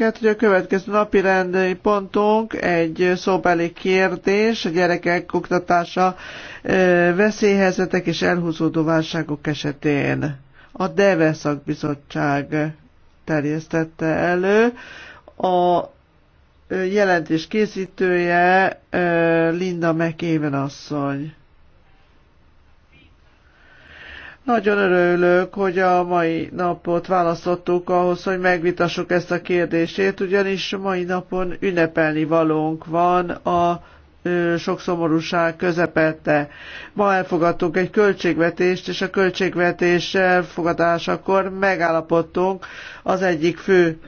önöket, hogy a következő napi rendi pontunk egy szóbeli kérdés, a gyerekek oktatása veszélyhelyzetek és elhúzódó válságok esetén. A DEVE szakbizottság terjesztette elő. A jelentés készítője Linda McAven asszony. Nagyon örülök, hogy a mai napot választottuk ahhoz, hogy megvitassuk ezt a kérdését, ugyanis mai napon ünnepelni valónk van a sok szomorúság közepette. Ma elfogadtunk egy költségvetést, és a költségvetés elfogadásakor megállapodtunk az egyik fő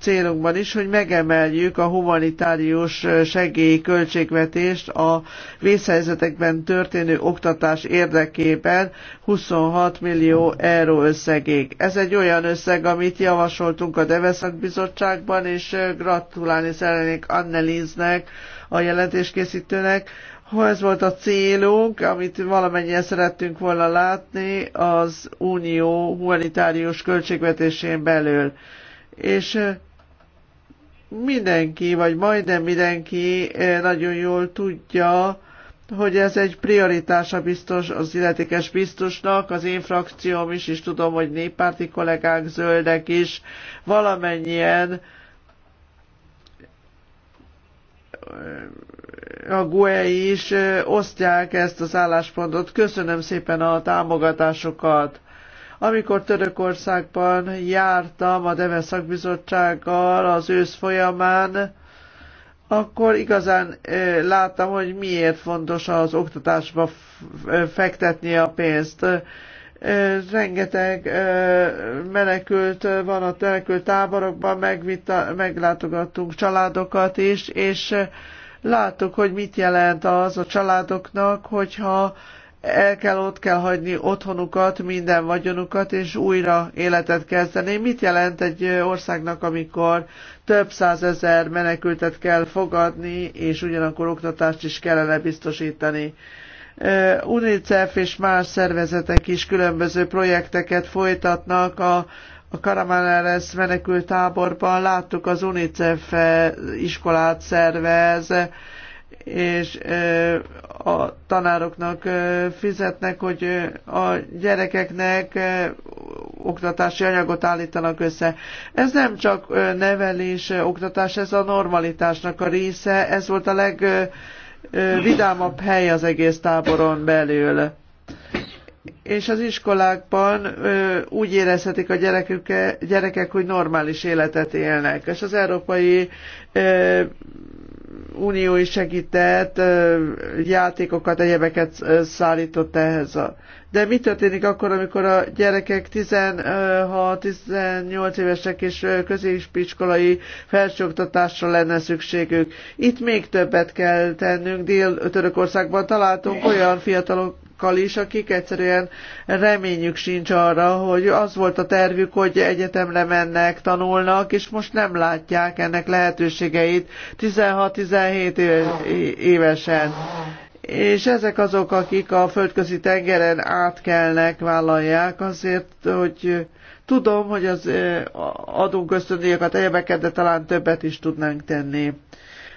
célunkban is, hogy megemeljük a humanitárius segélyköltségvetést a vészhelyzetekben történő oktatás érdekében 26 millió euró összegig. Ez egy olyan összeg, amit javasoltunk a Deveszak Bizottságban, és gratulálni szeretnék Anneliznek, a jelentéskészítőnek. Ha ez volt a célunk, amit valamennyien szerettünk volna látni az unió humanitárius költségvetésén belül. És eh, mindenki, vagy majdnem mindenki eh, nagyon jól tudja, hogy ez egy prioritása biztos az illetékes biztosnak, az én frakcióm is, és tudom, hogy néppárti kollégák, zöldek is, valamennyien a GUE is osztják ezt az álláspontot. Köszönöm szépen a támogatásokat. Amikor Törökországban jártam a Deve szakbizottsággal az ősz folyamán, akkor igazán láttam, hogy miért fontos az oktatásba fektetni a pénzt rengeteg menekült van a menekült táborokban, megvita, meglátogattunk családokat is, és láttuk, hogy mit jelent az a családoknak, hogyha el kell, ott kell hagyni otthonukat, minden vagyonukat, és újra életet kezdeni. Mit jelent egy országnak, amikor több százezer menekültet kell fogadni, és ugyanakkor oktatást is kellene biztosítani? UNICEF és más szervezetek is különböző projekteket folytatnak a a Karamelleres menekült táborban láttuk az UNICEF -e iskolát szervez, és a tanároknak fizetnek, hogy a gyerekeknek oktatási anyagot állítanak össze. Ez nem csak nevelés, oktatás, ez a normalitásnak a része, ez volt a leg vidámabb hely az egész táboron belül. És az iskolákban ö, úgy érezhetik a gyerekek, hogy normális életet élnek. És az európai ö, Unió is segített, játékokat, egyebeket szállított ehhez. A... De mi történik akkor, amikor a gyerekek 16-18 évesek és középiskolai felsőoktatásra lenne szükségük? Itt még többet kell tennünk. Dél-Törökországban találtunk olyan fiatalok, azokkal is, akik egyszerűen reményük sincs arra, hogy az volt a tervük, hogy egyetemre mennek, tanulnak, és most nem látják ennek lehetőségeit 16-17 évesen és ezek azok, akik a földközi tengeren átkelnek, vállalják azért, hogy tudom, hogy az adunk ösztöndíjakat, egyebeket, de talán többet is tudnánk tenni.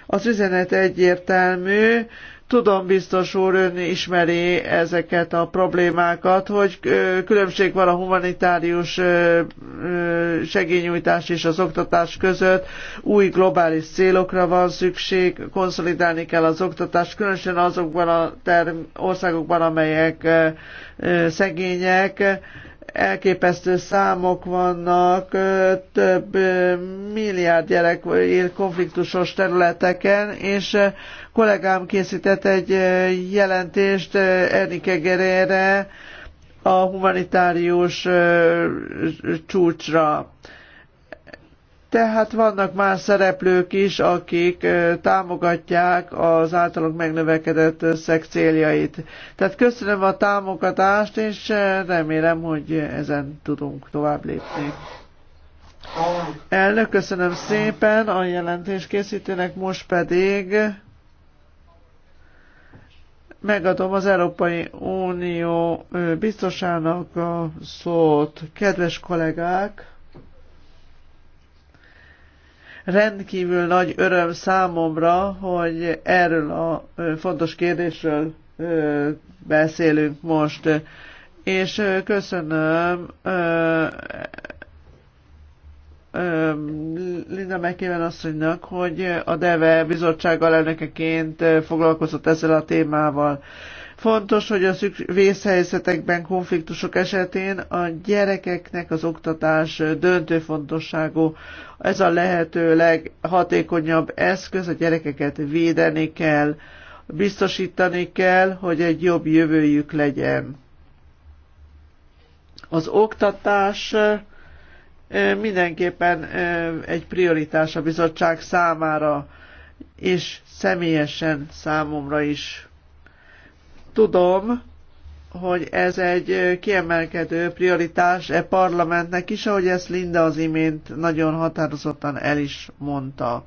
Az üzenet egyértelmű, Tudom, biztos úr, ön ismeri ezeket a problémákat, hogy különbség van a humanitárius segélynyújtás és az oktatás között. Új globális célokra van szükség, konszolidálni kell az oktatást, különösen azokban a országokban, amelyek szegények elképesztő számok vannak, több milliárd gyerek él konfliktusos területeken, és kollégám készített egy jelentést Ernike Gerére a humanitárius csúcsra. Tehát vannak más szereplők is, akik támogatják az általunk megnövekedett összeg céljait. Tehát köszönöm a támogatást, és remélem, hogy ezen tudunk tovább lépni. Elnök, köszönöm szépen a jelentés készítőnek, most pedig megadom az Európai Unió biztosának a szót. Kedves kollégák! Rendkívül nagy öröm számomra, hogy erről a fontos kérdésről beszélünk most és köszönöm Linda azt asszonynak, hogy a DEVE bizottsággal elnökeként foglalkozott ezzel a témával. Fontos, hogy a vészhelyzetekben, konfliktusok esetén a gyerekeknek az oktatás döntő fontosságú. Ez a lehető leghatékonyabb eszköz, a gyerekeket védeni kell, biztosítani kell, hogy egy jobb jövőjük legyen. Az oktatás mindenképpen egy prioritás a bizottság számára, és személyesen számomra is. Tudom, hogy ez egy kiemelkedő prioritás e parlamentnek is, ahogy ezt Linda az imént nagyon határozottan el is mondta.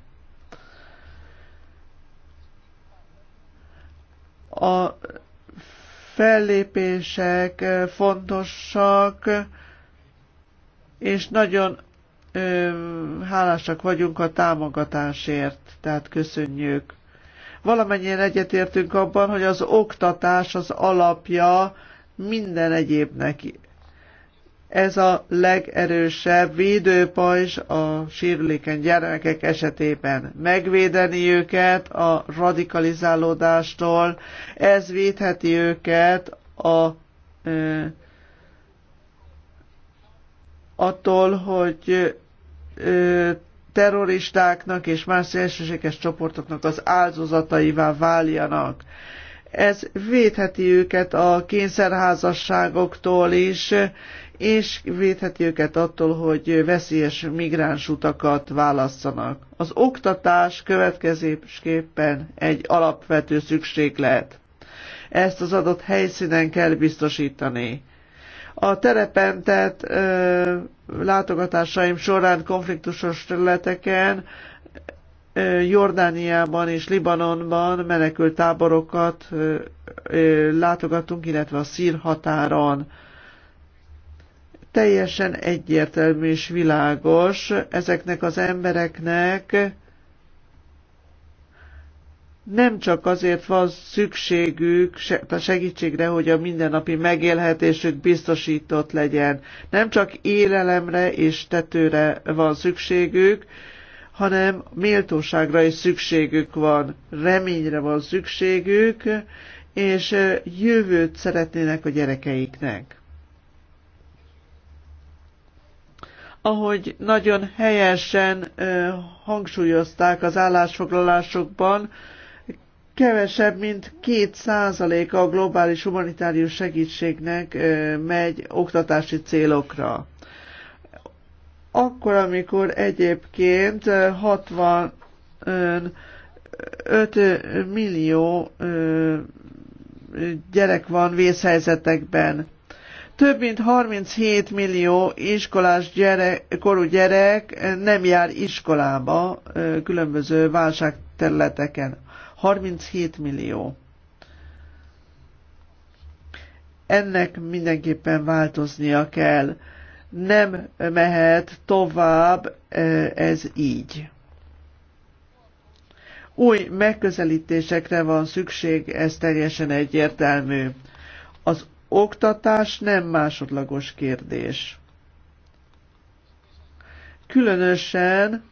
A fellépések fontosak, és nagyon ö, hálásak vagyunk a támogatásért, tehát köszönjük. Valamennyien egyetértünk abban, hogy az oktatás az alapja minden egyébnek. Ez a legerősebb védőpajzs a sérülékeny gyermekek esetében. Megvédeni őket a radikalizálódástól, ez védheti őket a ö, attól, hogy terroristáknak és más szélsőséges csoportoknak az áldozataivá váljanak. Ez védheti őket a kényszerházasságoktól is, és védheti őket attól, hogy veszélyes migráns utakat válasszanak. Az oktatás következésképpen egy alapvető szükséglet. Ezt az adott helyszínen kell biztosítani. A terepen tett ö, látogatásaim során konfliktusos területeken Jordániában és Libanonban menekült táborokat látogatunk, illetve a szír határon. Teljesen egyértelmű és világos ezeknek az embereknek nem csak azért van szükségük a segítségre, hogy a mindennapi megélhetésük biztosított legyen. Nem csak élelemre és tetőre van szükségük, hanem méltóságra is szükségük van, reményre van szükségük, és jövőt szeretnének a gyerekeiknek. Ahogy nagyon helyesen hangsúlyozták az állásfoglalásokban, kevesebb, mint két százaléka a globális humanitárius segítségnek megy oktatási célokra. Akkor, amikor egyébként 65 millió gyerek van vészhelyzetekben. Több mint 37 millió iskolás gyerek, korú gyerek nem jár iskolába különböző válságterületeken. 37 millió. Ennek mindenképpen változnia kell. Nem mehet tovább e, ez így. Új megközelítésekre van szükség, ez teljesen egyértelmű. Az oktatás nem másodlagos kérdés. Különösen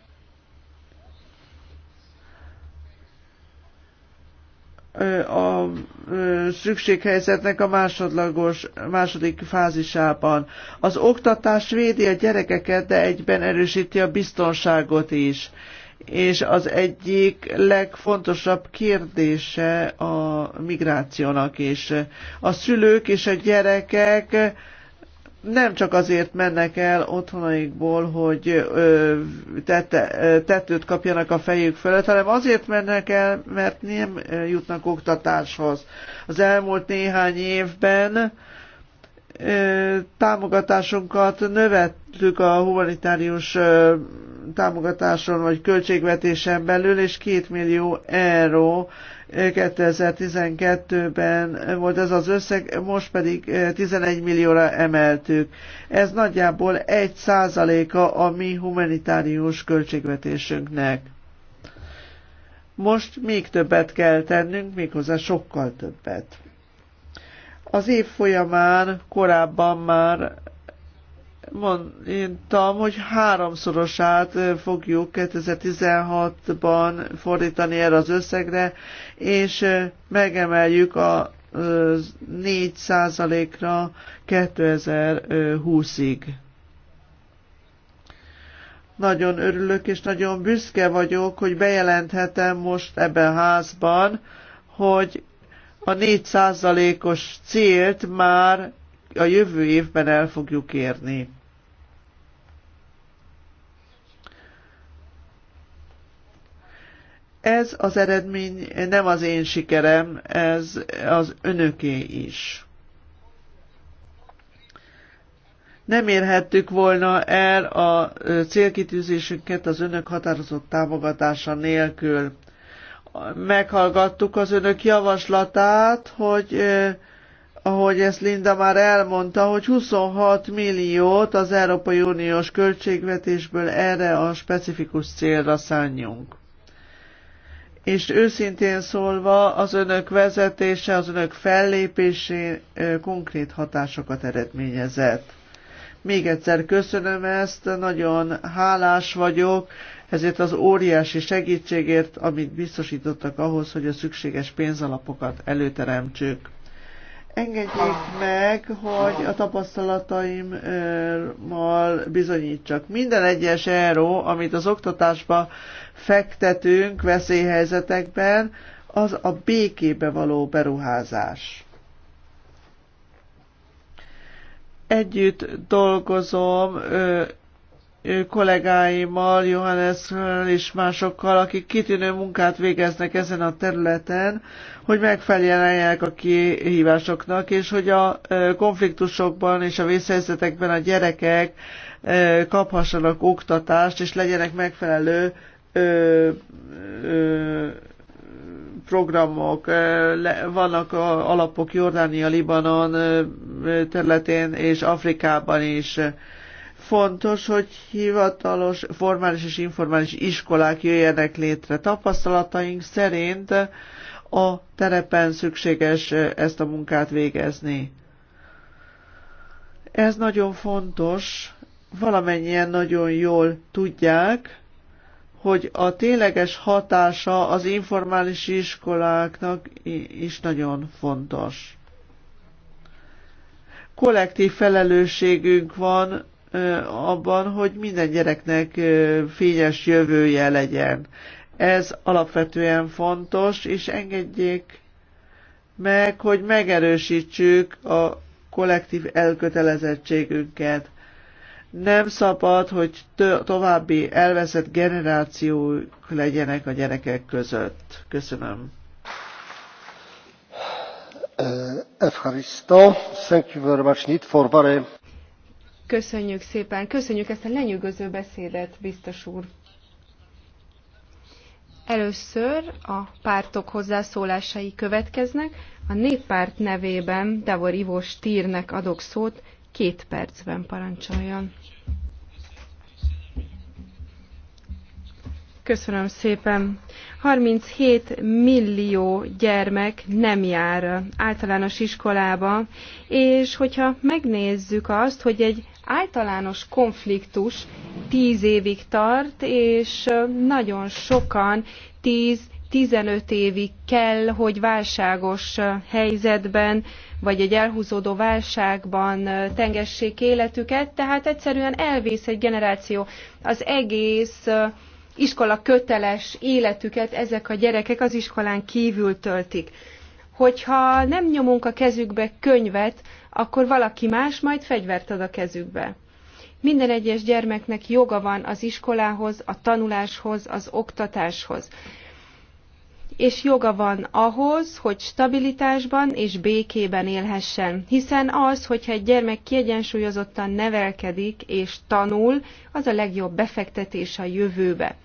a szükséghelyzetnek a másodlagos, második fázisában. Az oktatás védi a gyerekeket, de egyben erősíti a biztonságot is. És az egyik legfontosabb kérdése a migrációnak is. A szülők és a gyerekek nem csak azért mennek el otthonaikból, hogy tete, tetőt kapjanak a fejük fölött, hanem azért mennek el, mert nem jutnak oktatáshoz. Az elmúlt néhány évben támogatásunkat növettük a humanitárius támogatáson vagy költségvetésen belül, és két millió euró 2012-ben volt ez az összeg, most pedig 11 eh, millióra emeltük. Ez nagyjából 1 százaléka a mi humanitárius költségvetésünknek. Most még többet kell tennünk, méghozzá sokkal többet. Az év folyamán korábban már mondtam, hogy háromszorosát fogjuk 2016-ban fordítani erre az összegre, és megemeljük a 4 ra 2020-ig. Nagyon örülök, és nagyon büszke vagyok, hogy bejelenthetem most ebben a házban, hogy a 4 os célt már a jövő évben el fogjuk érni. Ez az eredmény nem az én sikerem, ez az önöké is. Nem érhettük volna el a célkitűzésünket az önök határozott támogatása nélkül. Meghallgattuk az önök javaslatát, hogy ahogy ezt Linda már elmondta, hogy 26 milliót az Európai Uniós költségvetésből erre a specifikus célra szánjunk és őszintén szólva az önök vezetése, az önök fellépésé konkrét hatásokat eredményezett. Még egyszer köszönöm ezt, nagyon hálás vagyok ezért az óriási segítségért, amit biztosítottak ahhoz, hogy a szükséges pénzalapokat előteremtsük. Engedjék meg, hogy a tapasztalataimmal bizonyítsak. Minden egyes euró, amit az oktatásba fektetünk veszélyhelyzetekben, az a békébe való beruházás. Együtt dolgozom kollégáimmal, Johannes és másokkal, akik kitűnő munkát végeznek ezen a területen, hogy megfeleljenek a kihívásoknak, és hogy a konfliktusokban és a vészhelyzetekben a gyerekek kaphassanak oktatást, és legyenek megfelelő programok, vannak alapok Jordánia, Libanon területén és Afrikában is. Fontos, hogy hivatalos, formális és informális iskolák jöjjenek létre. Tapasztalataink szerint a terepen szükséges eh, ezt a munkát végezni. Ez nagyon fontos, valamennyien nagyon jól tudják, hogy a tényleges hatása az informális iskoláknak is nagyon fontos. Kollektív felelősségünk van abban, hogy minden gyereknek fényes jövője legyen. Ez alapvetően fontos, és engedjék meg, hogy megerősítsük a kollektív elkötelezettségünket. Nem szabad, hogy további elveszett generációk legyenek a gyerekek között. Köszönöm. Thank you very much, Need for very... Köszönjük szépen, köszönjük ezt a lenyűgöző beszédet, biztos úr. Először a pártok hozzászólásai következnek. A néppárt nevében Davor Ivo Stírnek adok szót, két percben parancsoljon. Köszönöm szépen. 37 millió gyermek nem jár általános iskolába, és hogyha megnézzük azt, hogy egy általános konfliktus tíz évig tart, és nagyon sokan 10-15 évig kell, hogy válságos helyzetben, vagy egy elhúzódó válságban tengessék életüket, tehát egyszerűen elvész egy generáció az egész iskola köteles életüket ezek a gyerekek az iskolán kívül töltik. Hogyha nem nyomunk a kezükbe könyvet, akkor valaki más majd fegyvert ad a kezükbe. Minden egyes gyermeknek joga van az iskolához, a tanuláshoz, az oktatáshoz. És joga van ahhoz, hogy stabilitásban és békében élhessen. Hiszen az, hogyha egy gyermek kiegyensúlyozottan nevelkedik és tanul, az a legjobb befektetés a jövőbe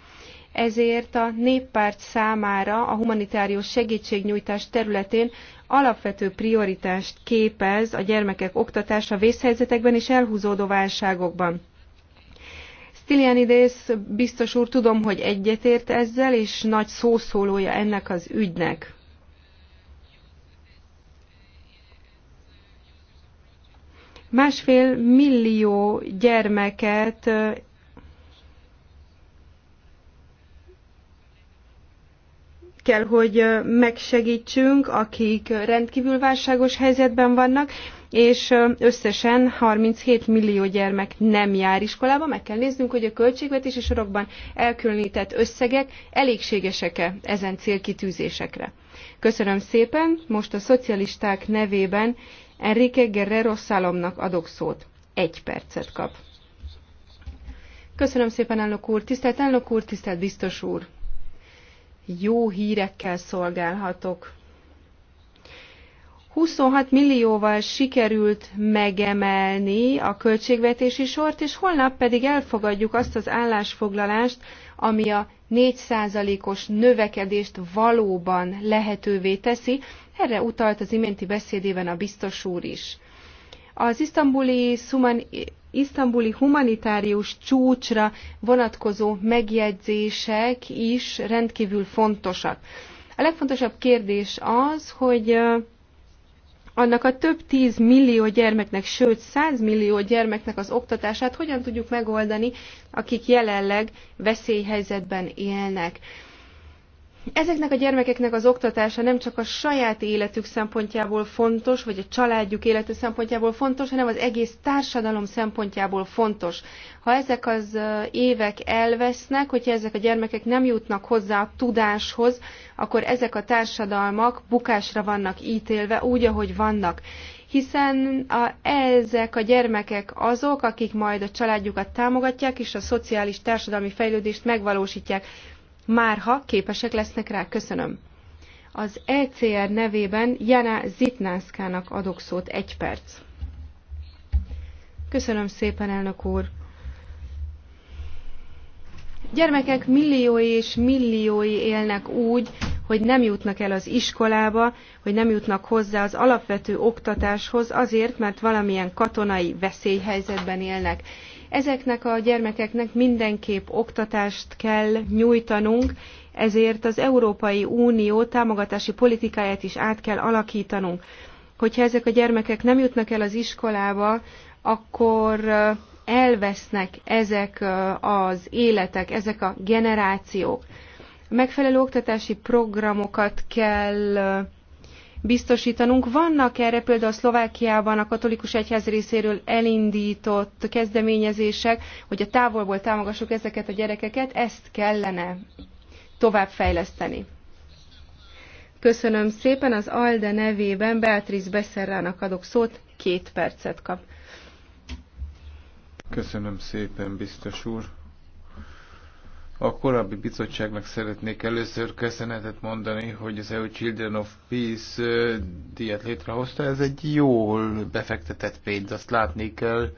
ezért a néppárt számára a humanitárius segítségnyújtás területén alapvető prioritást képez a gyermekek oktatása vészhelyzetekben és elhúzódó válságokban. Stylianides biztos úr, tudom, hogy egyetért ezzel, és nagy szószólója ennek az ügynek. Másfél millió gyermeket kell, hogy megsegítsünk, akik rendkívül válságos helyzetben vannak, és összesen 37 millió gyermek nem jár iskolába. Meg kell néznünk, hogy a költségvetési sorokban elkülönített összegek elégségesek-e ezen célkitűzésekre. Köszönöm szépen, most a szocialisták nevében Enrique Guerrero Szalomnak adok szót. Egy percet kap. Köszönöm szépen, elnök úr, tisztelt elnök úr, tisztelt biztos úr! jó hírekkel szolgálhatok. 26 millióval sikerült megemelni a költségvetési sort, és holnap pedig elfogadjuk azt az állásfoglalást, ami a 4%-os növekedést valóban lehetővé teszi. Erre utalt az iménti beszédében a biztos úr is. Az isztambuli isztambuli humanitárius csúcsra vonatkozó megjegyzések is rendkívül fontosak. A legfontosabb kérdés az, hogy annak a több tíz millió gyermeknek, sőt millió gyermeknek az oktatását hogyan tudjuk megoldani, akik jelenleg veszélyhelyzetben élnek. Ezeknek a gyermekeknek az oktatása nem csak a saját életük szempontjából fontos, vagy a családjuk élete szempontjából fontos, hanem az egész társadalom szempontjából fontos. Ha ezek az évek elvesznek, hogyha ezek a gyermekek nem jutnak hozzá a tudáshoz, akkor ezek a társadalmak bukásra vannak ítélve úgy, ahogy vannak hiszen a, ezek a gyermekek azok, akik majd a családjukat támogatják, és a szociális társadalmi fejlődést megvalósítják márha képesek lesznek rá. Köszönöm. Az ECR nevében Jana Zitnászkának adok szót egy perc. Köszönöm szépen, elnök úr. Gyermekek milliói és milliói élnek úgy, hogy nem jutnak el az iskolába, hogy nem jutnak hozzá az alapvető oktatáshoz azért, mert valamilyen katonai veszélyhelyzetben élnek. Ezeknek a gyermekeknek mindenképp oktatást kell nyújtanunk, ezért az Európai Unió támogatási politikáját is át kell alakítanunk. Hogyha ezek a gyermekek nem jutnak el az iskolába, akkor elvesznek ezek az életek, ezek a generációk. Megfelelő oktatási programokat kell biztosítanunk. Vannak erre például Szlovákiában a katolikus egyház részéről elindított kezdeményezések, hogy a távolból támogassuk ezeket a gyerekeket, ezt kellene továbbfejleszteni. Köszönöm szépen, az ALDE nevében Beatriz Beszerrának adok szót, két percet kap. Köszönöm szépen, biztos úr. A korábbi bizottságnak szeretnék először köszönetet mondani, hogy az EU Children of Peace diát létrehozta. Ez egy jól befektetett pénz, azt látni kell.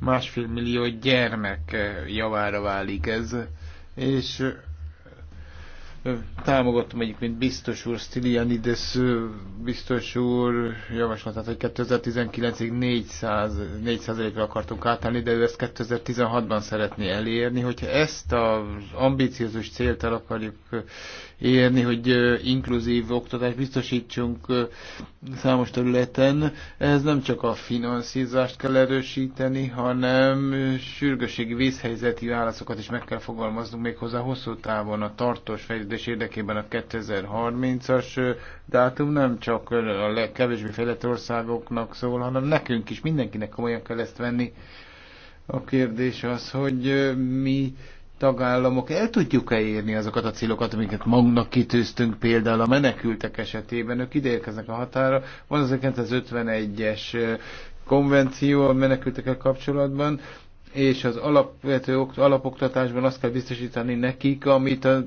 Másfél millió gyermek javára válik ez, és támogatom egyik, mint biztos úr, Stylianides biztos úr javaslatát, hogy 2019-ig 400, 4%-ra akartunk átállni, de ő ezt 2016-ban szeretné elérni. Hogyha ezt az ambíciózus célt el akarjuk érni, hogy inkluzív oktatást biztosítsunk számos területen. Ez nem csak a finanszírozást kell erősíteni, hanem sürgőségi vészhelyzeti válaszokat is meg kell fogalmaznunk még hozzá hosszú távon a tartós fejlődés érdekében a 2030-as dátum nem csak a legkevésbé fejlett országoknak szól, hanem nekünk is, mindenkinek komolyan kell ezt venni. A kérdés az, hogy mi tagállamok el tudjuk-e érni azokat a célokat, amiket magunknak kitűztünk, például a menekültek esetében, ők ideérkeznek a határa, van az 1951-es konvenció a menekültekkel kapcsolatban, és az alapvető alapoktatásban azt kell biztosítani nekik, amit a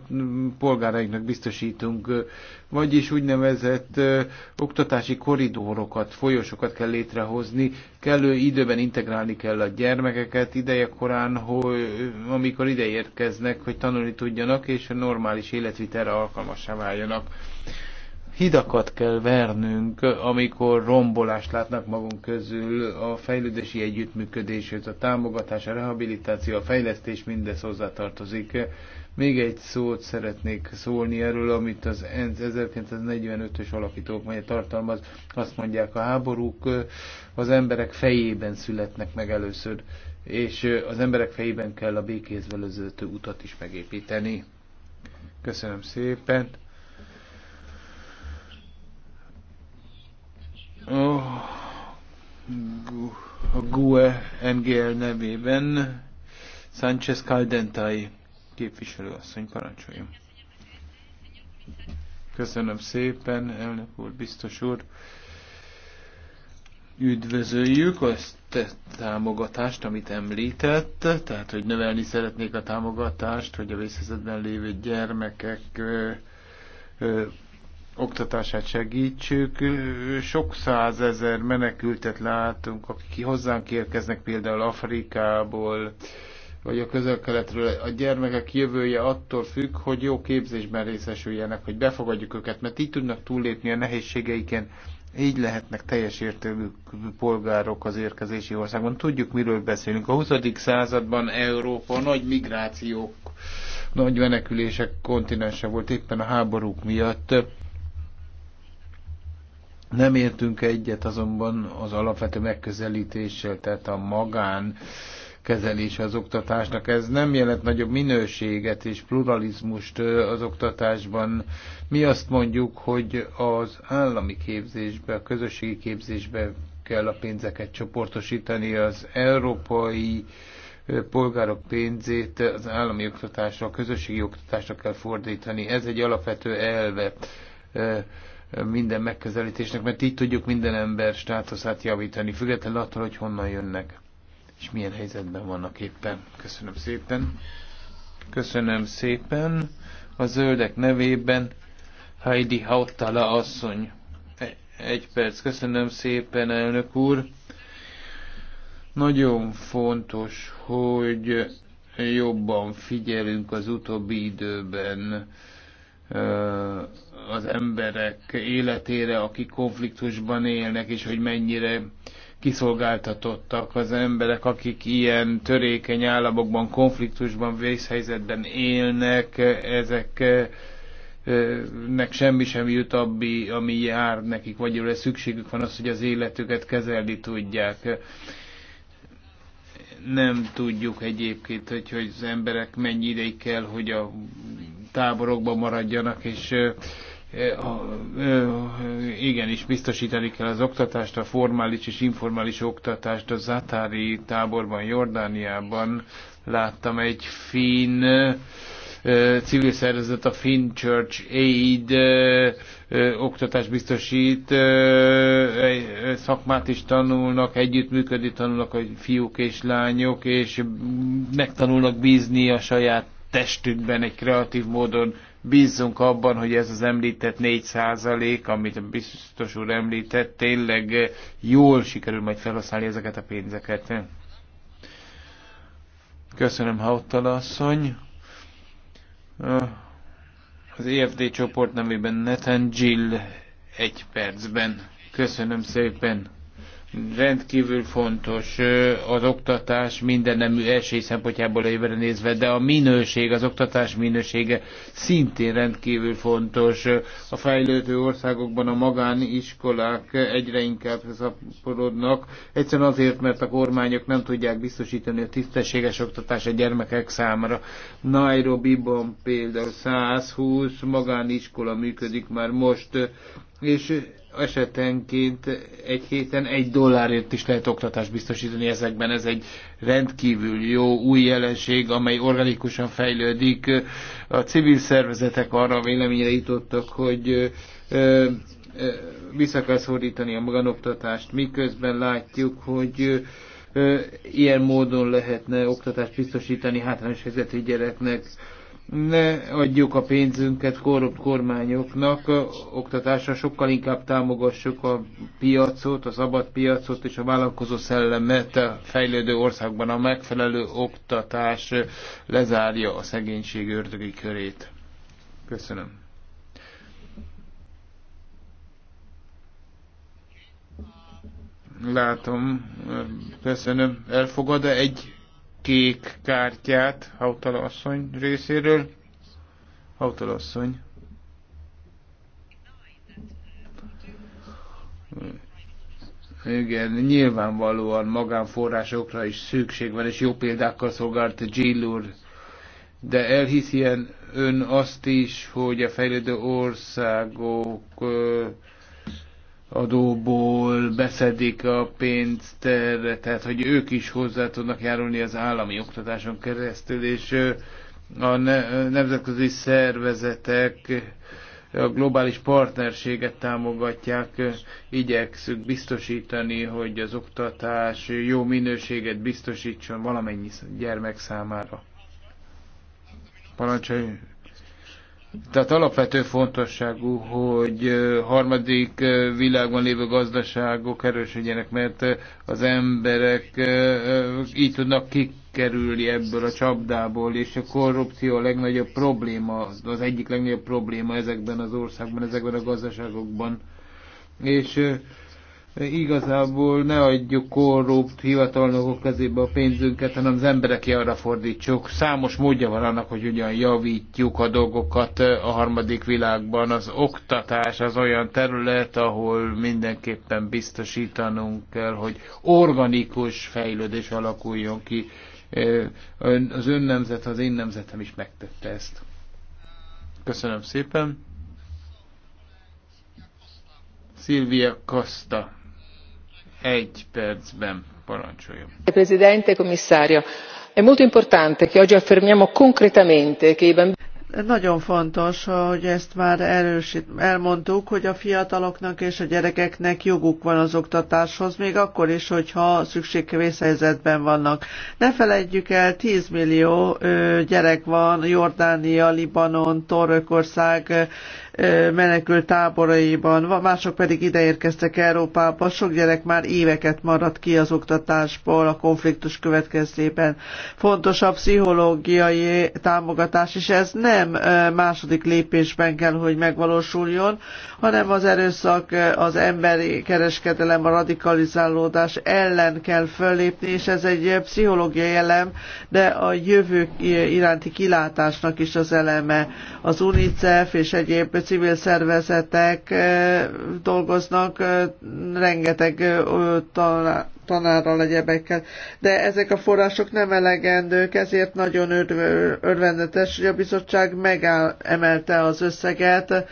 polgáraiknak biztosítunk. Vagyis úgynevezett ö, oktatási koridorokat, folyosokat kell létrehozni, kellő időben integrálni kell a gyermekeket idejekorán, hogy, amikor ide érkeznek, hogy tanulni tudjanak, és a normális életvitelre alkalmassá váljanak hidakat kell vernünk, amikor rombolást látnak magunk közül a fejlődési együttműködéshez, a támogatás, a rehabilitáció, a fejlesztés, mindez hozzátartozik. Még egy szót szeretnék szólni erről, amit az 1945-ös mely tartalmaz. Azt mondják, a háborúk az emberek fejében születnek meg először, és az emberek fejében kell a békézvelőző utat is megépíteni. Köszönöm szépen! Oh, a GUE NGL nevében Sánchez Caldentai képviselőasszony parancsoljon. Köszönöm szépen, elnök úr, biztos úr. Üdvözöljük azt a támogatást, amit említett, tehát hogy növelni szeretnék a támogatást, hogy a vészhelyzetben lévő gyermekek oktatását segítsük. Sok százezer menekültet látunk, akik hozzánk érkeznek például Afrikából, vagy a közel-keletről. A gyermekek jövője attól függ, hogy jó képzésben részesüljenek, hogy befogadjuk őket, mert így tudnak túllépni a nehézségeiken, így lehetnek teljes értékű polgárok az érkezési országban. Tudjuk, miről beszélünk. A 20. században Európa nagy migrációk, nagy menekülések kontinense volt éppen a háborúk miatt nem értünk egyet azonban az alapvető megközelítéssel, tehát a magán kezelés az oktatásnak. Ez nem jelent nagyobb minőséget és pluralizmust az oktatásban. Mi azt mondjuk, hogy az állami képzésbe, a közösségi képzésbe kell a pénzeket csoportosítani. Az európai polgárok pénzét az állami oktatásra, a közösségi oktatásra kell fordítani. Ez egy alapvető elve minden megközelítésnek, mert így tudjuk minden ember státuszát javítani, függetlenül attól, hogy honnan jönnek, és milyen helyzetben vannak éppen. Köszönöm szépen. Köszönöm szépen. A zöldek nevében Heidi Hautala asszony. Egy perc. Köszönöm szépen, elnök úr. Nagyon fontos, hogy jobban figyelünk az utóbbi időben az emberek életére, akik konfliktusban élnek, és hogy mennyire kiszolgáltatottak az emberek, akik ilyen törékeny államokban, konfliktusban, vészhelyzetben élnek, ezeknek semmi sem jut abbi, ami jár nekik, vagy őre szükségük van az, hogy az életüket kezelni tudják. Nem tudjuk egyébként, hogy, hogy az emberek mennyi ideig kell, hogy a táborokban maradjanak, és Eh, eh, igenis biztosítani kell az oktatást, a formális és informális oktatást a Zatári táborban, Jordániában láttam egy finn eh, civil szervezet, a Finn Church Aid oktatást biztosít, szakmát is tanulnak, együttműködni tanulnak a fiúk és lányok, és megtanulnak bízni a saját testükben egy kreatív módon Bízzunk abban, hogy ez az említett 4 amit a biztos úr említett, tényleg jól sikerül majd felhasználni ezeket a pénzeket. Köszönöm, Hautala asszony. Az EFD csoport nevében Nathan Jill egy percben. Köszönöm szépen rendkívül fontos az oktatás nemű esély szempontjából évre nézve, de a minőség, az oktatás minősége szintén rendkívül fontos. A fejlődő országokban a magániskolák egyre inkább szaporodnak, egyszerűen azért, mert a kormányok nem tudják biztosítani a tisztességes oktatás a gyermekek számára. ban például 120 magániskola működik már most, és esetenként egy héten egy dollárért is lehet oktatást biztosítani ezekben. Ez egy rendkívül jó új jelenség, amely organikusan fejlődik. A civil szervezetek arra véleményre jutottak, hogy vissza kell szordítani a magánoktatást, miközben látjuk, hogy ilyen módon lehetne oktatást biztosítani hátrányos helyzetű gyereknek ne adjuk a pénzünket korrupt kormányoknak, oktatásra sokkal inkább támogassuk a piacot, a szabad piacot és a vállalkozó szellemet a fejlődő országban a megfelelő oktatás lezárja a szegénység ördögi körét. Köszönöm. Látom, köszönöm. Elfogad-e egy kék kártyát Hautala asszony részéről. Hautala asszony. Igen, nyilvánvalóan magánforrásokra is szükség van, és jó példákkal szolgált Jill úr. De elhiszi ön azt is, hogy a fejlődő országok adóból beszedik a pénzt, eh, tehát hogy ők is hozzá tudnak járulni az állami oktatáson keresztül, és eh, a nemzetközi szervezetek eh, a globális partnerséget támogatják, igyekszük biztosítani, hogy az oktatás jó minőséget biztosítson valamennyi gyermek számára. Parancsolj, tehát alapvető fontosságú, hogy harmadik világban lévő gazdaságok erősödjenek, mert az emberek így tudnak kikerülni ebből a csapdából, és a korrupció a legnagyobb probléma, az egyik legnagyobb probléma ezekben az országban, ezekben a gazdaságokban. És Igazából ne adjuk korrupt hivatalnokok kezébe a pénzünket, hanem az embereké arra fordítsuk. Számos módja van annak, hogy ugyan javítjuk a dolgokat a harmadik világban. Az oktatás az olyan terület, ahol mindenképpen biztosítanunk kell, hogy organikus fejlődés alakuljon ki. Az ön nemzet, az én nemzetem is megtette ezt. Köszönöm szépen. Silvia Costa egy percben parancsoljon. Presidente, commissario, è molto importante che oggi affermiamo concretamente che i bambini nagyon fontos, hogy ezt már erősít, elmondtuk, hogy a fiataloknak és a gyerekeknek joguk van az oktatáshoz, még akkor is, hogyha szükségkévész helyzetben vannak. Ne felejtjük el, 10 millió gyerek van Jordánia, Libanon, Törökország, menekült táboraiban, mások pedig ide érkeztek Európába, sok gyerek már éveket maradt ki az oktatásból a konfliktus következtében. Fontos a pszichológiai támogatás, és ez nem második lépésben kell, hogy megvalósuljon, hanem az erőszak, az emberi kereskedelem, a radikalizálódás ellen kell föllépni, és ez egy pszichológiai elem, de a jövő iránti kilátásnak is az eleme. Az UNICEF és egyéb civil szervezetek dolgoznak, rengeteg tanárral, egyebekkel. De ezek a források nem elegendők, ezért nagyon örvendetes, hogy a bizottság megemelte az összeget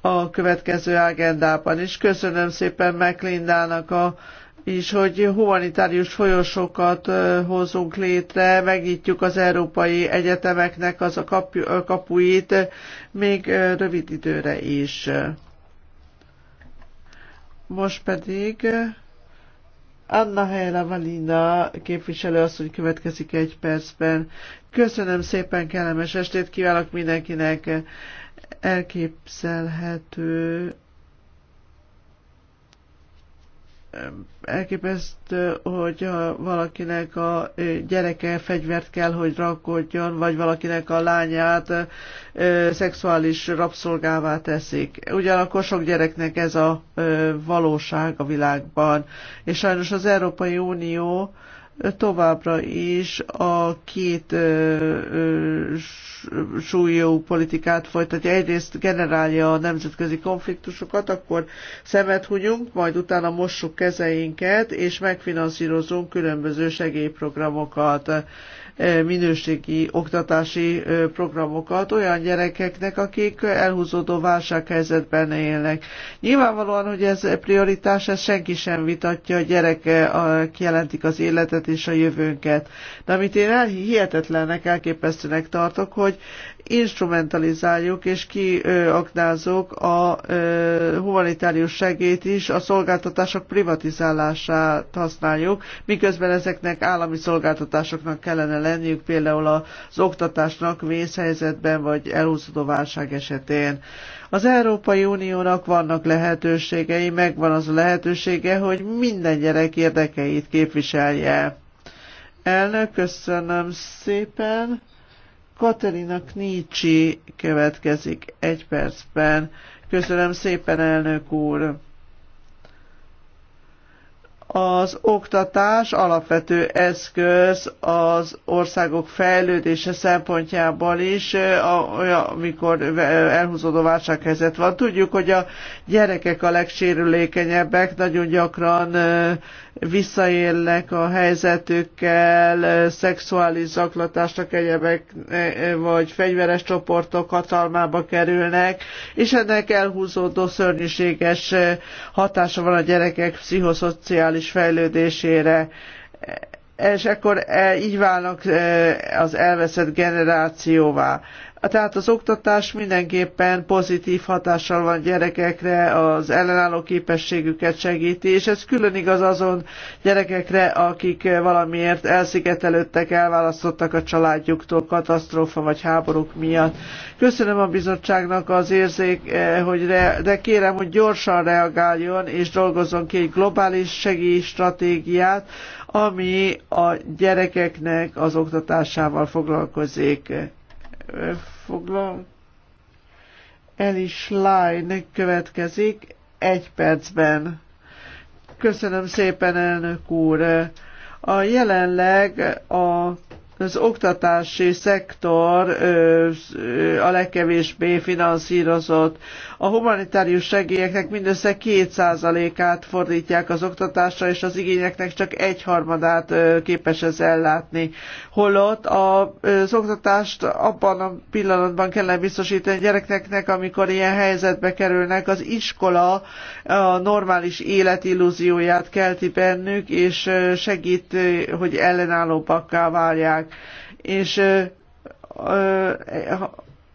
a következő agendában is. Köszönöm szépen McLindának a is, hogy humanitárius folyosókat hozunk létre, megnyitjuk az európai egyetemeknek az a kapuit még rövid időre is. Most pedig Anna Helyra Valina képviselő következik egy percben. Köszönöm szépen, kellemes estét kívánok mindenkinek. Elképzelhető elképesztő, hogy valakinek a gyereke fegyvert kell, hogy rakodjon, vagy valakinek a lányát szexuális rabszolgává teszik. Ugyanakkor sok gyereknek ez a valóság a világban. És sajnos az Európai Unió továbbra is a két ö, ö, súlyú politikát folytatja. Egyrészt generálja a nemzetközi konfliktusokat, akkor szemet hunyunk, majd utána mossuk kezeinket, és megfinanszírozunk különböző segélyprogramokat minőségi oktatási programokat olyan gyerekeknek, akik elhúzódó válsághelyzetben élnek. Nyilvánvalóan, hogy ez prioritás, ez senki sem vitatja, a gyerekek jelentik az életet és a jövőnket. De amit én el, hihetetlennek, elképesztőnek tartok, hogy instrumentalizáljuk és kiaknázzuk a humanitárius segét is, a szolgáltatások privatizálását használjuk, miközben ezeknek állami szolgáltatásoknak kellene lenniük, például az oktatásnak vészhelyzetben vagy elhúzódó válság esetén. Az Európai Uniónak vannak lehetőségei, megvan az a lehetősége, hogy minden gyerek érdekeit képviselje. Elnök, köszönöm szépen. Katerina Knicsi következik egy percben. Köszönöm szépen, elnök úr! Az oktatás alapvető eszköz az országok fejlődése szempontjából is, amikor elhúzódó válsághelyzet van. Tudjuk, hogy a gyerekek a legsérülékenyebbek, nagyon gyakran visszaélnek a helyzetükkel, szexuális zaklatásnak egyebek, vagy fegyveres csoportok hatalmába kerülnek, és ennek elhúzódó szörnyűséges hatása van a gyerekek pszichoszociális fejlődésére és akkor e- így válnak e- az elveszett generációvá. Hát tehát az oktatás mindenképpen pozitív hatással van gyerekekre, az ellenálló képességüket segíti, és ez külön igaz azon gyerekekre, akik valamiért elszigetelődtek, elválasztottak a családjuktól katasztrófa vagy háborúk miatt. Köszönöm a bizottságnak az érzék, eh, hogy re, de kérem, hogy gyorsan reagáljon és dolgozzon ki egy globális segély stratégiát, ami a gyerekeknek az oktatásával foglalkozik foglal. is line következik egy percben. Köszönöm szépen, elnök úr. A jelenleg a az oktatási szektor a legkevésbé finanszírozott. A humanitárius segélyeknek mindössze 2%-át fordítják az oktatásra, és az igényeknek csak egyharmadát képes ez ellátni. Holott az oktatást abban a pillanatban kellene biztosítani a gyerekeknek, amikor ilyen helyzetbe kerülnek, az iskola a normális életillúzióját kelti bennük, és segít, hogy ellenállóbbakká válják és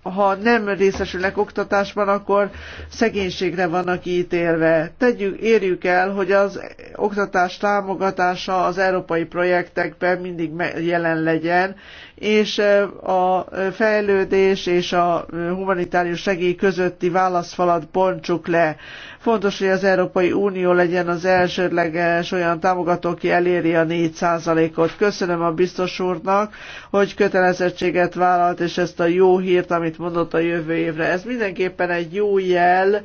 ha nem részesülnek oktatásban, akkor szegénységre vannak ítélve. Tegyük, érjük el, hogy az oktatás támogatása az európai projektekben mindig jelen legyen, és a fejlődés és a humanitárius segély közötti válaszfalat bontsuk le. Fontos, hogy az Európai Unió legyen az elsődleges olyan támogató, aki eléri a 4%-ot. Köszönöm a biztos úrnak, hogy kötelezettséget vállalt, és ezt a jó hírt, amit mondott a jövő évre. Ez mindenképpen egy jó jel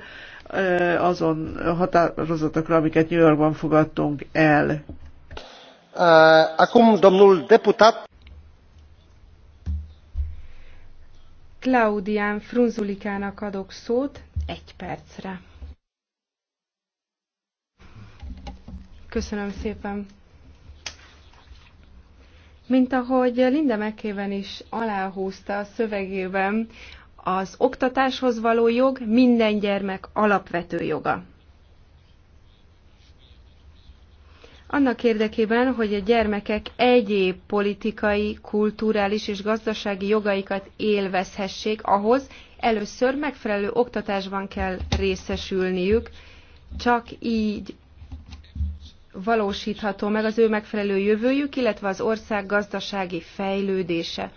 azon határozatokra, amiket New Yorkban fogadtunk el. Acum domnul deputat Klaudián Frunzulikának adok szót egy percre. Köszönöm szépen. Mint ahogy Linda McKéven is aláhúzta a szövegében, az oktatáshoz való jog minden gyermek alapvető joga. annak érdekében, hogy a gyermekek egyéb politikai, kulturális és gazdasági jogaikat élvezhessék, ahhoz először megfelelő oktatásban kell részesülniük, csak így valósítható meg az ő megfelelő jövőjük, illetve az ország gazdasági fejlődése.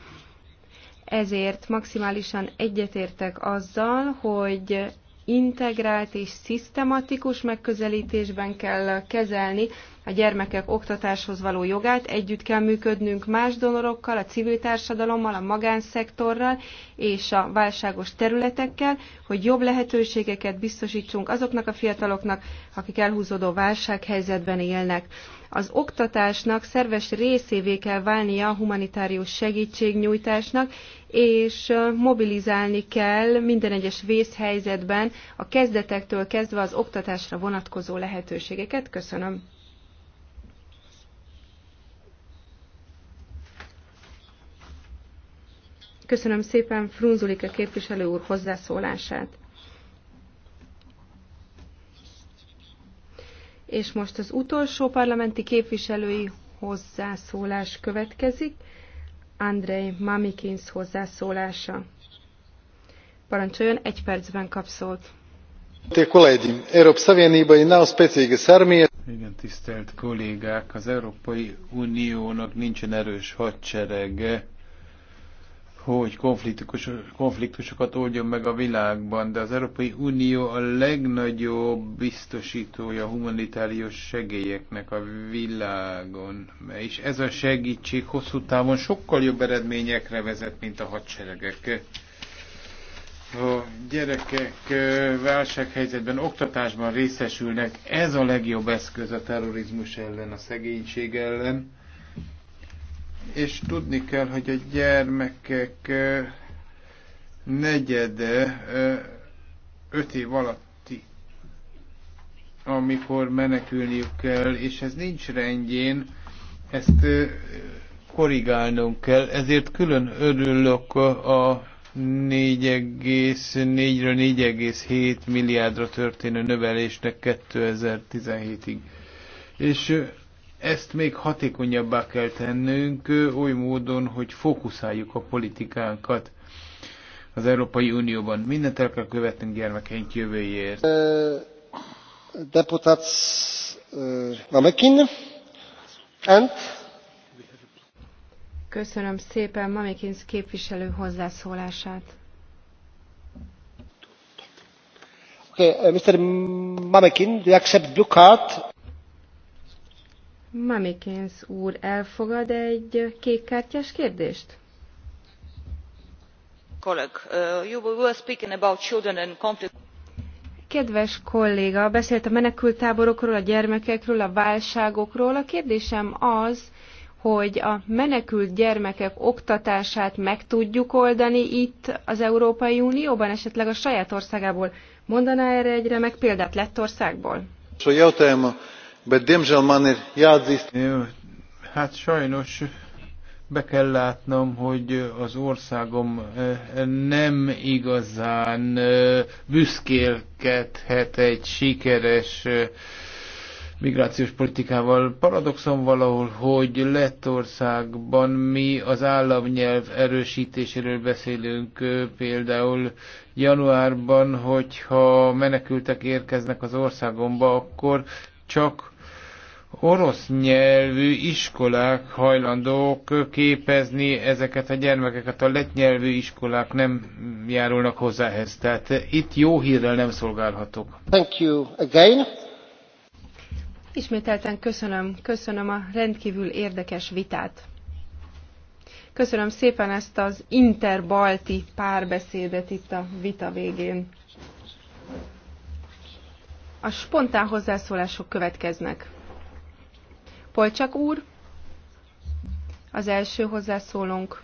Ezért maximálisan egyetértek azzal, hogy integrált és szisztematikus megközelítésben kell kezelni a gyermekek oktatáshoz való jogát, együtt kell működnünk más donorokkal, a civil társadalommal, a magánszektorral és a válságos területekkel, hogy jobb lehetőségeket biztosítsunk azoknak a fiataloknak, akik elhúzódó válsághelyzetben élnek. Az oktatásnak szerves részévé kell válnia a humanitárius segítségnyújtásnak, és mobilizálni kell minden egyes vészhelyzetben a kezdetektől kezdve az oktatásra vonatkozó lehetőségeket. Köszönöm. Köszönöm szépen Frunzulike képviselő úr hozzászólását. És most az utolsó parlamenti képviselői hozzászólás következik, Andrei Mamikins hozzászólása. Parancsoljon, egy percben kap szót. Igen, tisztelt kollégák, az Európai Uniónak nincsen erős hadserege, hogy konfliktus, konfliktusokat oldjon meg a világban, de az Európai Unió a legnagyobb biztosítója humanitárius segélyeknek a világon. És ez a segítség hosszú távon sokkal jobb eredményekre vezet, mint a hadseregek. A gyerekek válsághelyzetben, oktatásban részesülnek, ez a legjobb eszköz a terrorizmus ellen, a szegénység ellen és tudni kell, hogy a gyermekek negyede öt év alatti, amikor menekülniük kell, és ez nincs rendjén, ezt korrigálnunk kell. Ezért külön örülök a 4,4-ről 4,7 milliárdra történő növelésnek 2017-ig. És ezt még hatékonyabbá kell tennünk oly módon, hogy fókuszáljuk a politikánkat az Európai Unióban. Mindent el kell követnünk gyermekeink jövőjéért. Deputat Mamekin. And? Köszönöm szépen Mamekin képviselő hozzászólását. Okay, uh, Mr. Mamekin, do you accept blue card Mamikins úr elfogad egy kékkártyás kérdést? Uh, Kedves kolléga, beszélt a menekültáborokról, a gyermekekről, a válságokról. A kérdésem az, hogy a menekült gyermekek oktatását meg tudjuk oldani itt az Európai Unióban, esetleg a saját országából. Mondaná erre egy remek példát Lettországból? So, szóval bet diemžēl man ir jāatzīst. Hát sajnos be kell látnom, hogy az országom nem igazán büszkélkedhet egy sikeres migrációs politikával. Paradoxon valahol, hogy Lettországban mi az államnyelv erősítéséről beszélünk például januárban, hogyha menekültek érkeznek az országomba, akkor csak orosz nyelvű iskolák hajlandók képezni ezeket a gyermekeket, a lett nyelvű iskolák nem járulnak hozzá ehhez. Tehát itt jó hírrel nem szolgálhatok. Thank you again. Ismételten köszönöm, köszönöm a rendkívül érdekes vitát. Köszönöm szépen ezt az interbalti párbeszédet itt a vita végén. A spontán hozzászólások következnek. Polcsak úr, az első hozzászólónk,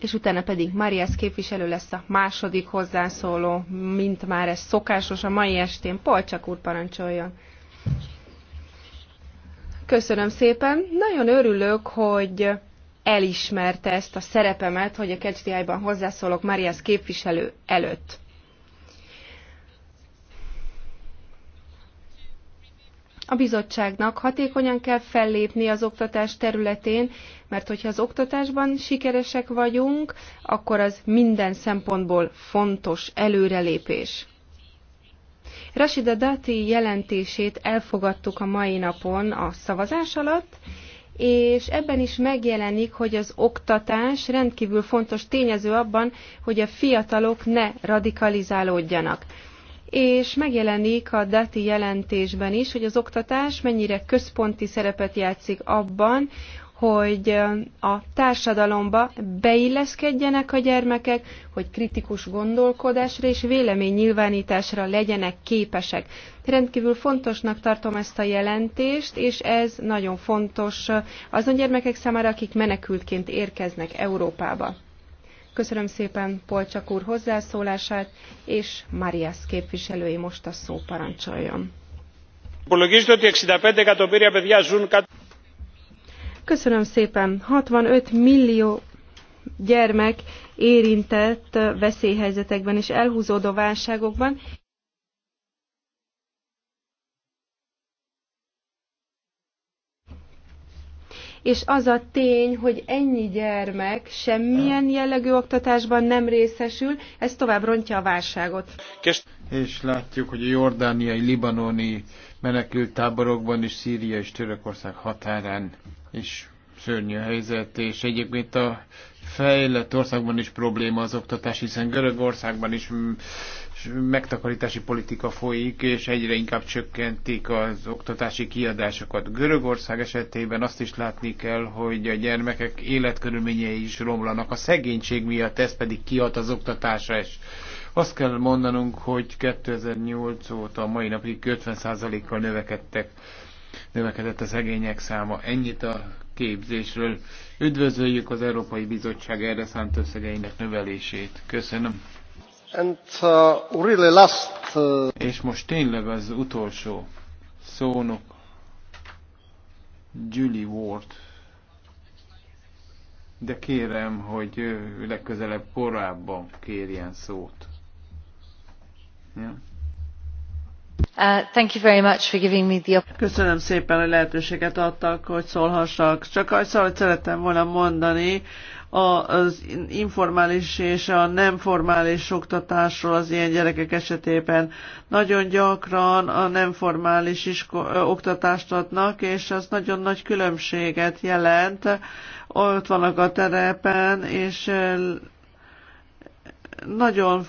és utána pedig Marias képviselő lesz a második hozzászóló, mint már ez szokásos a mai estén. Polcsak úr parancsoljon. Köszönöm szépen. Nagyon örülök, hogy elismerte ezt a szerepemet, hogy a KCDI-ban hozzászólok Marias képviselő előtt. A bizottságnak hatékonyan kell fellépni az oktatás területén, mert hogyha az oktatásban sikeresek vagyunk, akkor az minden szempontból fontos előrelépés. Rashida Dati jelentését elfogadtuk a mai napon a szavazás alatt, és ebben is megjelenik, hogy az oktatás rendkívül fontos tényező abban, hogy a fiatalok ne radikalizálódjanak és megjelenik a DATI jelentésben is, hogy az oktatás mennyire központi szerepet játszik abban, hogy a társadalomba beilleszkedjenek a gyermekek, hogy kritikus gondolkodásra és véleménynyilvánításra legyenek képesek. Rendkívül fontosnak tartom ezt a jelentést, és ez nagyon fontos azon gyermekek számára, akik menekültként érkeznek Európába. Köszönöm szépen Polcsak úr hozzászólását, és Marias képviselői most a szó parancsoljon. Köszönöm szépen. 65 millió gyermek érintett veszélyhelyzetekben és elhúzódó válságokban. és az a tény, hogy ennyi gyermek semmilyen jellegű oktatásban nem részesül, ez tovább rontja a válságot. És látjuk, hogy a jordániai, libanoni menekültáborokban és Szíria és Törökország határán is szörnyű helyzet, és egyébként a fejlett országban is probléma az oktatás, hiszen Görögországban is megtakarítási politika folyik, és egyre inkább csökkentik az oktatási kiadásokat. Görögország esetében azt is látni kell, hogy a gyermekek életkörülményei is romlanak. A szegénység miatt ez pedig kiad az oktatásra is. Azt kell mondanunk, hogy 2008 óta a mai napig 50%-kal növekedtek növekedett a szegények száma. Ennyit a képzésről. Üdvözöljük az Európai Bizottság erre szánt összegeinek növelését. Köszönöm. Uh, uh, És most tényleg az utolsó szónok Julie Ward. De kérem, hogy legközelebb korábban kérjen szót. Ja? Köszönöm szépen, hogy lehetőséget adtak, hogy szólhassak. Csak azt, hogy szerettem volna mondani, az informális és a nem formális oktatásról az ilyen gyerekek esetében. Nagyon gyakran a nem formális isko- oktatást adnak, és az nagyon nagy különbséget jelent. Ott vannak a terepen, és nagyon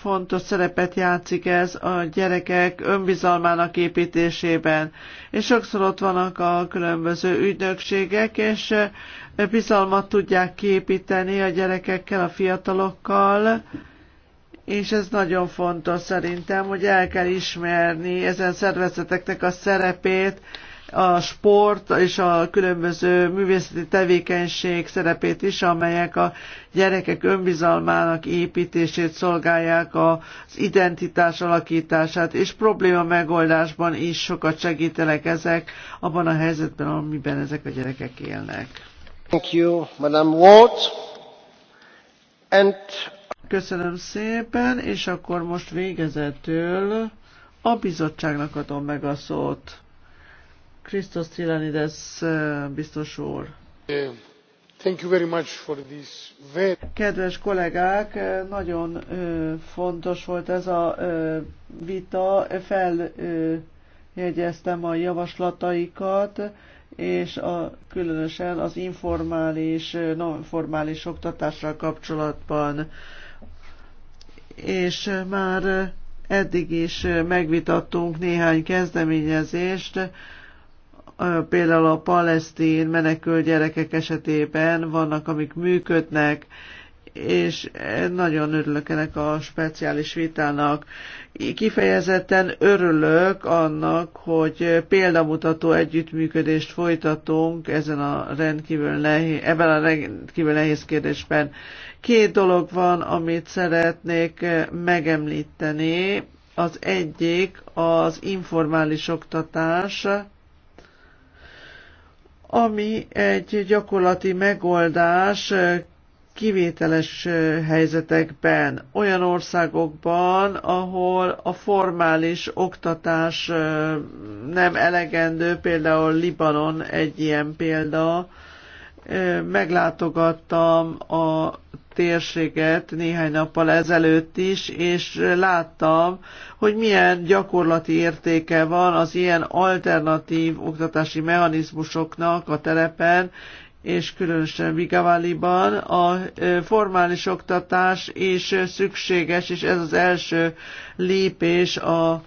fontos szerepet játszik ez a gyerekek önbizalmának építésében. És sokszor ott vannak a különböző ügynökségek, és bizalmat tudják kiépíteni a gyerekekkel, a fiatalokkal, és ez nagyon fontos szerintem, hogy el kell ismerni ezen szervezeteknek a szerepét, a sport és a különböző művészeti tevékenység szerepét is, amelyek a gyerekek önbizalmának építését szolgálják, az identitás alakítását, és probléma megoldásban is sokat segítenek ezek abban a helyzetben, amiben ezek a gyerekek élnek. Thank you, Madam Ward. And... Köszönöm szépen, és akkor most végezetül a bizottságnak adom meg a szót biztos úr. Kedves kollégák, nagyon fontos volt ez a vita, feljegyeztem a javaslataikat, és a, különösen az informális, nonformális oktatással kapcsolatban. És már eddig is megvitattunk néhány kezdeményezést, például a palesztin menekült gyerekek esetében vannak, amik működnek, és e, nagyon örülök ennek a speciális vitának. Kifejezetten örülök annak, hogy példamutató együttműködést folytatunk ezen a rendkívül nehéz, ebben a rendkívül nehéz kérdésben. Két dolog van, amit szeretnék e, megemlíteni. Az egyik az informális oktatás, ami egy gyakorlati megoldás kivételes helyzetekben, olyan országokban, ahol a formális oktatás nem elegendő, például Libanon egy ilyen példa. Meglátogattam a térséget néhány nappal ezelőtt is, és láttam, hogy milyen gyakorlati értéke van az ilyen alternatív oktatási mechanizmusoknak a telepen, és különösen Vigavaliban a formális oktatás is szükséges, és ez az első lépés a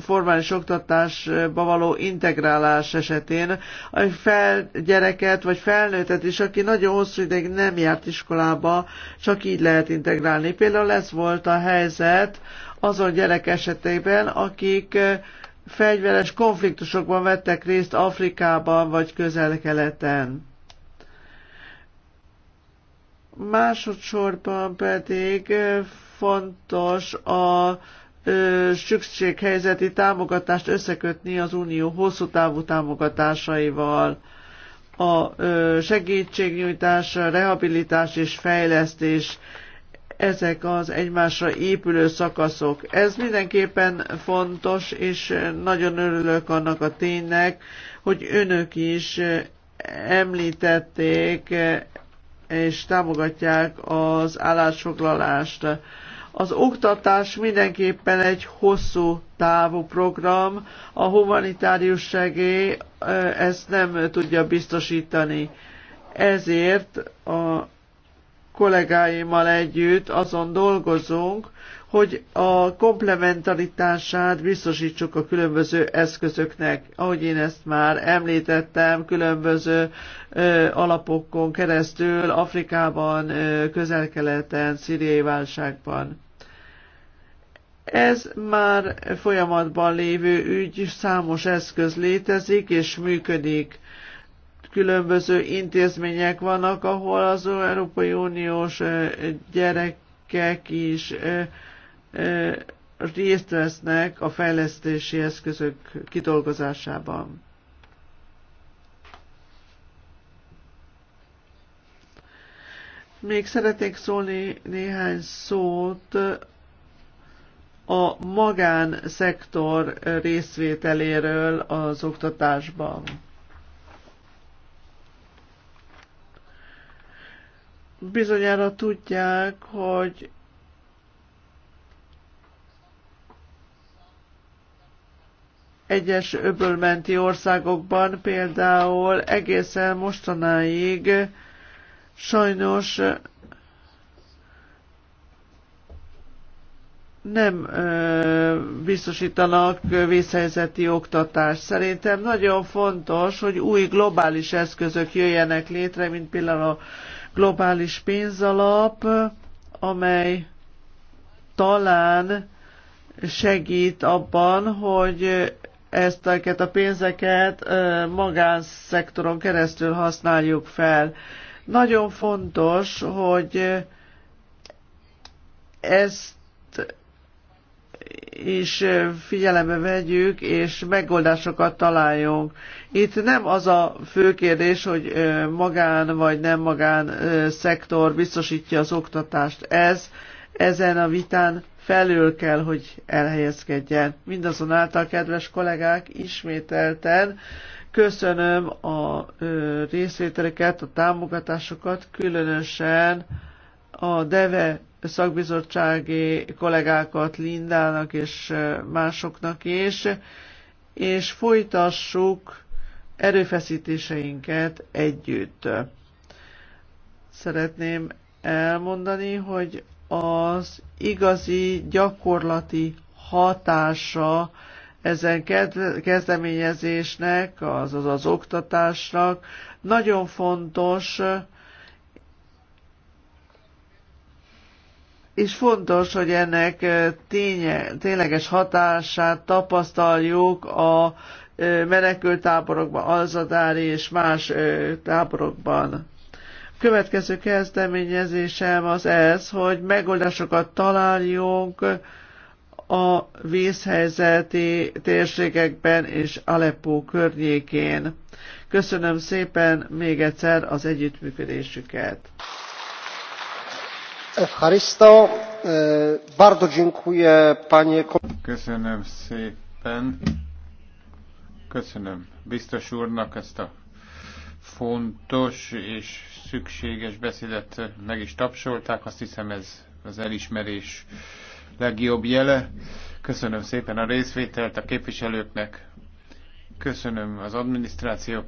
formális oktatásba való integrálás esetén a fel gyereket vagy felnőttet is, aki nagyon hosszú ideig nem járt iskolába, csak így lehet integrálni. Például ez volt a helyzet azon gyerek esetében, akik fegyveres konfliktusokban vettek részt Afrikában vagy közel-keleten. Másodszorban pedig fontos a szükséghelyzeti támogatást összekötni az unió hosszú távú támogatásaival. A segítségnyújtás, rehabilitás és fejlesztés ezek az egymásra épülő szakaszok. Ez mindenképpen fontos, és nagyon örülök annak a ténynek, hogy önök is említették és támogatják az állásfoglalást az oktatás mindenképpen egy hosszú távú program, a humanitárius segély ezt nem tudja biztosítani. Ezért a kollégáimmal együtt azon dolgozunk, hogy a komplementaritását biztosítsuk a különböző eszközöknek. Ahogy én ezt már említettem, különböző ö, alapokon keresztül Afrikában, közel-keleten, szíriai válságban. Ez már folyamatban lévő ügy, számos eszköz létezik és működik. Különböző intézmények vannak, ahol az Európai Uniós gyerekek is részt vesznek a fejlesztési eszközök kidolgozásában. Még szeretnék szólni néhány szót a magánszektor részvételéről az oktatásban. Bizonyára tudják, hogy egyes öbölmenti országokban például egészen mostanáig sajnos nem ö, biztosítanak vészhelyzeti oktatást. Szerintem nagyon fontos, hogy új globális eszközök jöjjenek létre, mint például a globális pénzalap, amely talán segít abban, hogy ezteket a pénzeket magánszektoron keresztül használjuk fel. Nagyon fontos, hogy ezt is figyelembe vegyük, és megoldásokat találjunk. Itt nem az a fő kérdés, hogy magán vagy nem magán szektor biztosítja az oktatást. Ez ezen a vitán felül kell, hogy elhelyezkedjen. Mindazonáltal, kedves kollégák, ismételten köszönöm a ö, részvételeket, a támogatásokat, különösen a DEVE szakbizottsági kollégákat, Lindának és másoknak is, és folytassuk erőfeszítéseinket együtt. Szeretném elmondani, hogy az igazi gyakorlati hatása ezen kezdeményezésnek, azaz az oktatásnak nagyon fontos, és fontos, hogy ennek ténye, tényleges hatását tapasztaljuk a menekültáborokban, alzadári és más táborokban. Következő kezdeményezésem az ez, hogy megoldásokat találjunk a vízhelyzeti térségekben és Aleppo környékén. Köszönöm szépen még egyszer az együttműködésüket. Eh, Köszönöm szépen. Köszönöm biztos úrnak ezt a fontos és szükséges beszédet meg is tapsolták, azt hiszem ez az elismerés legjobb jele. Köszönöm szépen a részvételt a képviselőknek, köszönöm az adminisztráció